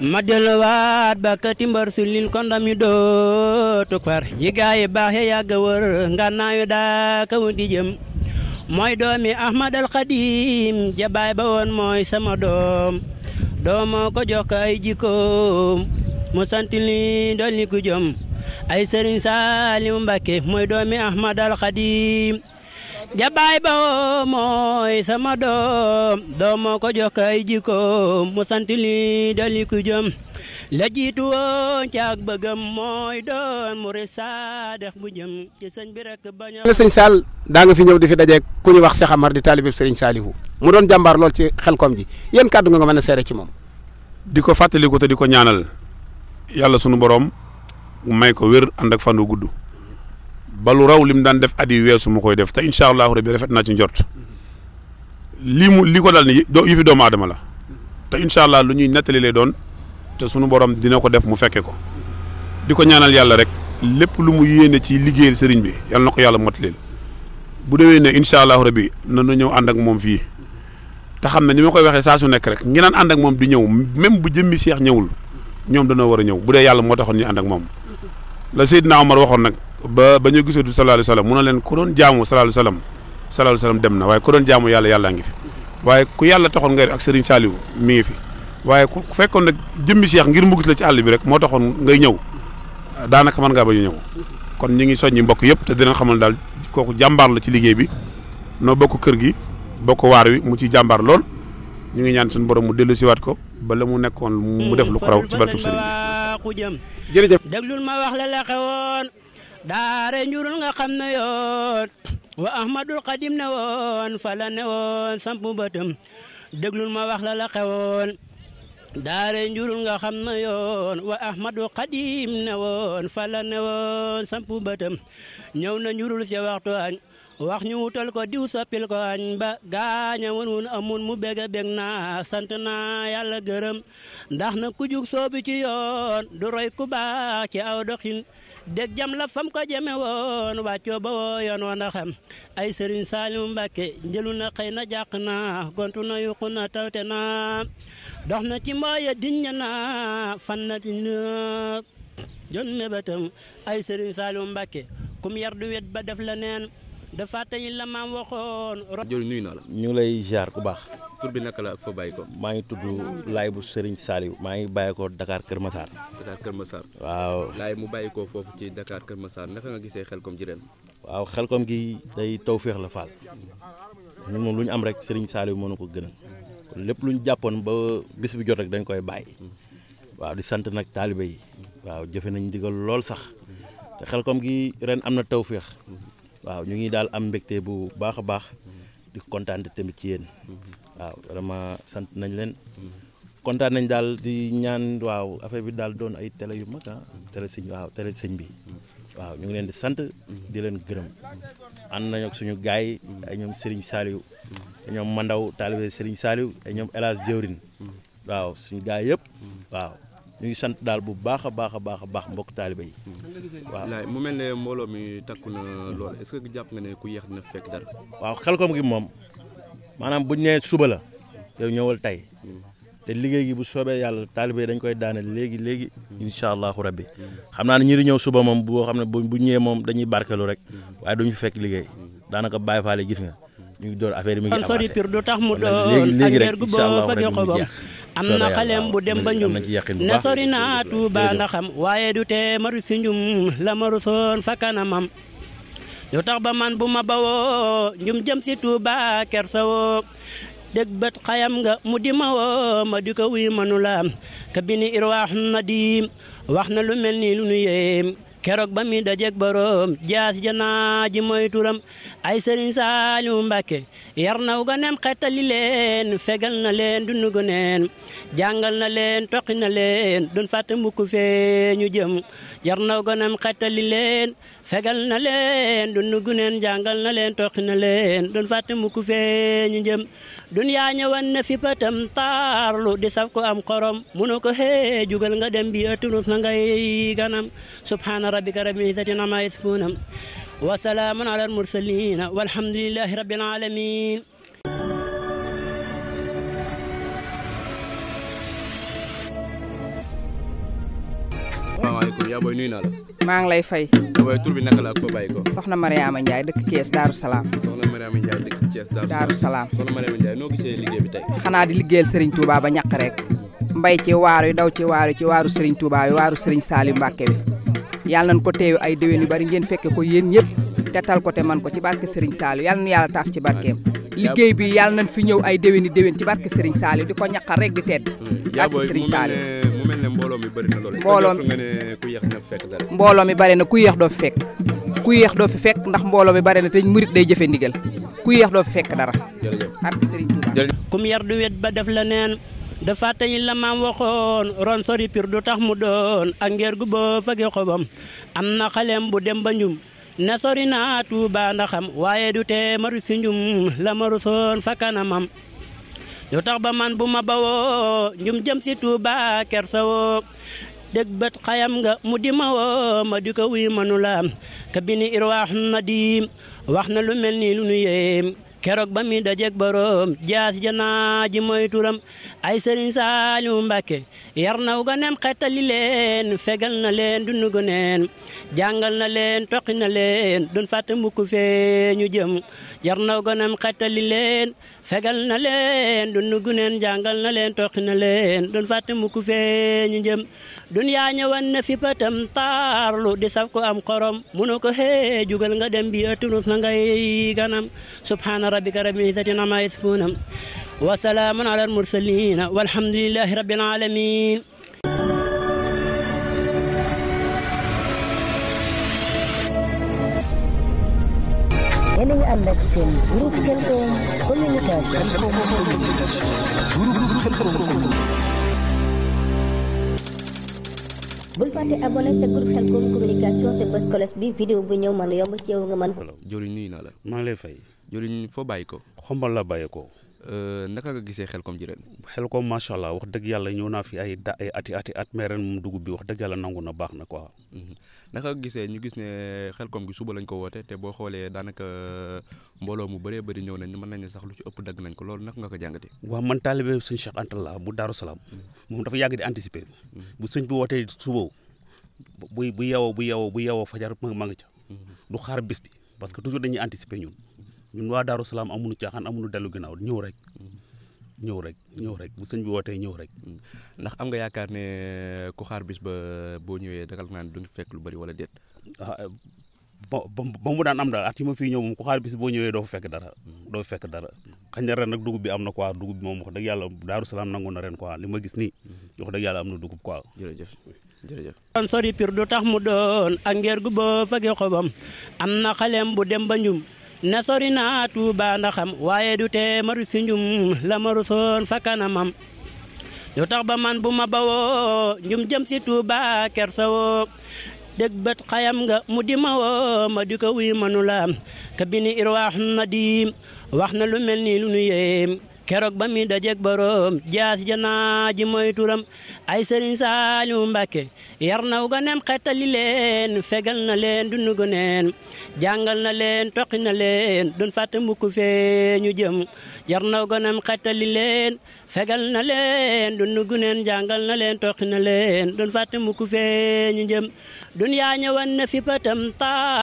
ma delluwaat ba kati mbar su lil ko ndam yu yi gaay yi baax ya yàgg wër nga naayu daa kaw di jëm mooy doomi Ahmad al Xadim jabaay ba woon mooy sama doom doomoo ko jox ko ay jikkoom mu sant li dolli ku jom ay sëriñ Saaliw Mbàkke mooy doomi Ahmad al jabaay ba mooy sama doom doomoo ko jox kay jikkoom mu sant li dali ku jëm la jiitu woon caag bëggam mooy doon mu resaadax bu jëm ci sëñ bi rek bañ a. sëñ Sall fi ñëw di fi dajeeg ku ñu wax Cheikh Amar di taalibeb sëriñ Saalihu mu doon jàmbaar lool ci xelkom ji yéen kàddu nga nga mën a seere ci moom. di ko fàttaliku te di ko ñaanal yàlla sunu borom may ko wér ànd ak fan wu gudd. ba lu raw li mu daan def at yi weesu mu koy def te incha allahu rabi rafet naa ci njort lii mu lii ko dal ni yu fi doomu aadama la te incha allah lu ñuy nettali lay doon te sunu borom dina ko def mu fekke ko di ko ñaanal yàlla rek lépp lu mu yéene ci liggéeyal sëriñ bi yàlla na ko yàlla motalil bu déwee ne incha allahu rabi nanu ñëw ànd ak moom fii te xam ne ni ma koy waxee saa su nekk rek ñi naan moom di ñëw même bu jëmmi seex ñëwul ñoom danoo war a ñëw bu dee yàlla moo taxoon ñu ànd ak moom la Seydina Omar waxoon nag ba ba ñu gisatu sallallahu alayhi wa sallam mu ne leen ku doon jaamu sallallahu alayhi wa sallam sallallahu dem na waaye ku doon jaamu yàlla yàllaa ngi fi waaye ku yàlla taxoon ngay ak Serigne Saliou mi ngi fi waaye ku fekkoon nag jëmmi Cheikh ngir mu gis la ci àll bi rek moo taxoon ngay ñëw daanaka mën ngaa ba ñëw kon ñu ngi soññi mbokk yëpp te dinañ xamal daal kooku jàmbaar la ci liggéey bi noo bokk kër gi bokk waar wi mu ci jàmbaar lool ñu ngi ñaan suñu borom mu dellu siwaat ko ba mu nekkoon mu def lu ko raw ci barkeb Serigne yàqu jëm jërëjëf déglul ma wax la la daare njurul nga xam ne yoon wa ahmadul xadim ne woon fala ne woon samp bëtëm déglul ma wax la la daare njurul nga xam ne yoon wa ahmadul xadim ne woon fala ne woon samp bëtëm ñëw njurul si waxtu añ wax ñu wutal ko diw soppil ko añ ba gaaña won wun amun mu bég a na sant na yàlla gërëm ndax na ku jug soobu ci yoon du roy ku ci aw doxin dég jam la fam ko jeme woon wa ba woo yoon woon a ay sëriñ Saalimu Mbàkke njëlu na xëy na jàq na gontu na yuqu na tawte na dox na ci mbooya diñña na fan na ci jon mébatam ay sëriñ Saalimu Mbàkke kum yar du wet ba def la neen dafa tey la maam waxoon. jërëjëf nuyu naa la. ñu ngi lay ziar ku baax. tur bi naka la ak fa bàyyi ko. maa ngi tudd Laye bu Serigne Saliou. maa ngi bàyyi ko Dakar Kër Massar. Dakar Kër Massar. waaw Laye mu bàyyi ko foofu ci Dakar Kër Massar naka nga gisee xelkom ji ren. waaw xelkom gi day taw féex la faal. ñun moom lu ñu am rek Serigne Saliou mënu ko gënal. lépp lu ñu jàppoon ba bis bi jot rek dañ koy bàyyi. waaw di sant nag taalibe yi. waaw jëfe nañ digal lool sax. te koom gi ren am na taw féex. waaw ñu ngi daal am mbégte bu baax a baax di kontaan tamit ci yéen waaw vraiment sant nañ leen kontaan nañ daal di ñaan waaw affaire bi daal doon ay télé yu mag ah télé sëñ waaw télé sëñ bi waaw ñu ngi leen di sant di leen gërëm ànd nañ suñu gaay yi ay ñoom seriñ Saliou ay ñoom Mandaw taalibe Serigne Saliou ay ñoom El Hadj waaw suñu gaay yëpp waaw ñu ngi sant daal bu baax a baax baax a baax mbokk taaliba yi. waaw mu mel ne mbooloo mi takku na lool jàpp nga ne ku yéex dina fekk dara. waaw xel kom gi moom maanaam buñ nee suba la yow ñëwal tey hmm. te liggéey gi bu soobee yàlla taaliba yi dañ koy daane léegi léegi. incha allahu rabbi xam naa ne ñi di ñëw suba moom boo xam ne bu ñëwee moom dañuy barkelu rek hmm. waaye ñu fekk liggéey hmm. daanaka bàyyi faale gis nga ñu ngi door affaire yi mu ngi avancé léegi léegi rek incha allahu rabbi mu ngi jeex am na xalem bu dem ba njum ne sori naa Tuuba ndaxam waaye du tee ma si njum la maru soon fa kanamam lu tax ba man bu ma bawoo njum jëm si Tuuba kersawoo dëgg bët xayam nga mu di ma woo ma di ko wuy mënu la kabini irwaax na di wax na lu mel ni lu nu yéem keroog ba mi dajeeg boroom jaas janaa ji mooy turam ay sëriñ Saaliw Mbàkke yar naw ganeem xettali leen fegal na leen dunu goneen jàngal na leen toqi na leen dun fàtte mukk fee ñu jëm yar naw ganeem xettali leen fegal na leen dunu goneen jàngal na leen toqi na leen dun fàtte mukk fee ñu jëm dunyaa ñëwan fi patam taarlu di saf ko am xorom munu ko jugal nga dem bi aturus na ngay ganam subhaana subhaana rabbika rabbil izzati ammaa yasifuun wa salaamun alal mursaliin walhamdulillaahi rabbil aalamiin salaamaaleykum yaa booy nuyu naa la. maa ngi lay fay. yaa booy tur bi naka la ak foo bàyyi ko. soxna Mariama Ndiaye dëkk Thiès Darou Salaam. soxna Mariama Ndiaye dëkk Thiès Darou Salaam. soxna Mariama Ndiaye noo gisee liggéey bi tey. xanaa di liggéeyal Serigne Touba ba ñàkk rek mbay ci waaru yi daw ci waaru ci waaru Serigne Touba yi waaru Serigne Saliou Mbacke bi. yàlla nañ ko teew ay déwén yu bari ngeen fekke ko yéen ñëpp te ko te man ko ci barke Serigne Saliou yàlla na yàlla taaf ci barkeem liggéey bi yàlla nañ fi ñëw ay déwéni déwén ci barke Serigne Saliou di ko ñaqal rek di tedd mm. barke Serigne Saliou mbooloo mi bëri na lool mbooloo ku yéex na fekk dara mbooloo mi na ku yéex doo fi fekk ku yéex doo fi fekk ndax mbooloo mi bari na te murit day jëfe ndigal ku yéex doo fi fekk dara jërëjëf barke Serigne Touba kum yar du wet ba dafa teyi la wa waxoon ron sori pir du tax mu doon ak ngeer gu boo fage xobam am na xalem bu dem ba njum na sori naa tuuba ndaxam waaye du tee maru si njum la maru soon fa kanamam lu tax ba man bu ma bawoo njum jëm si tuuba kersa woo dëgg bët xayam nga mu di ma woo ma di ko wuy mënu la ka bini irwaax na di wax na lu mel ni lu nu yéem keroog ba mi dajeeg boroom jaas janaa ji mooy turam ay sëriñ Saaliw Mbàkke yar naw ganeem xettali leen fegal na leen dunu goneen jàngal na leen toqi na leen dun fàtte mukk fee ñu jëm yar naw ganeem xettali leen fegal na leen dunu goneen jàngal na leen toqi na leen dun fàtte mukk fee ñu jëm dun yaa ñëwan na fi patam taarlu di saf ko am xorom munu ko jugal nga dem bi atunus na ngay ganam subhaana subhaana rabbika rabbil izzati ammaa yasifuun wa salaamun alal mursaliin walhamdulillaahi rabbil aalamiin yéen a ngi ànd ak seen groupe Khelcom communautaire. bul fàtte abonné sa groupe Khelcom communication te bés kolos bi vidéo bu ñëw mën a yomb ci yow nga mën ko. jori nuyu naa la maa ngi lay fay. jëriñ foo bàyyi ko. xombal la bàyyi ko. Euh, naka nga gisee xel kom ji ren. xel kom macha allah wax dëgg yàlla ñëw naa fi ay da ay ati at mais ren moom bi wax dëgg yàlla nangu na baax na ko mhm. naka nga gisee ñu gis ne xel kom gi suba lañ ko wootee te boo xoolee daanaka euh, mbooloo mu baree bari ñëw nañ mën nañ ne sax lu ci ëpp dagg nañ ko loolu naka nga ko jàngate. waa man taalibe sëñ Cheikh Anta la bu Daaru Salaam. Mhm. moom dafa yàgg di anticiper. Mhm. bu sëñ bi wootee suba bu bu yeewoo bu yeewoo bu yeewoo fajar ma nga ca. du xaar bis bi parce que toujours dañuy anticiper ñun ñun waa Daaru Salaam amuñu caaxaan amuñu dellu ginnaaw ñëw rek. ñëw rek ñëw rek bu sëñ bi wootee ñëw rek. ndax am nga yaakaar ne eh, ku xaar bis ba boo ñëwee dagal naa ne du fekk lu bari wala déet. Ah, eh, ba ba mu daan am daal yi ma fii ñëw moom ku xaar bis boo ñëwee doo fekk dara. doo fekk dara xañ na ren nag dugub bi am na quoi dugub bi moom wax dëgg yàlla Daaru Salaam nangu na ren quoi li ma gis nii. wax dëgg yàlla am na dugub ko jërëjëf jërëjëf. doon sori pir du tax mu doon am na xaleem bu dem ba na sori naa Tuuba ndaxam waaye du tee maru si njum la maru soon fa kanamam lu tax ba man bu ma bawoo njum jëm si Tuuba kersawoo dëgg bët xayam nga mu di ma woo ma di ko wuy manula ka bini irwaax na di wax na lu mel nii lu nu yéem keroog ba mi dajeeg boroom jaas ja naaji mooy turam ay sëriñ saalimu mbàkke yar naw ganem xettali leen fegal na leen dunu goneen jàngal na leen toqi na leen dun fàtte mukk fee ñu jëm yar naw ganem xettali leen fegal na leen dunu guneen jàngal na leen toqi na leen dun fàtte mukk fee ñu jëm dun yaa ñëwan na fi patam ta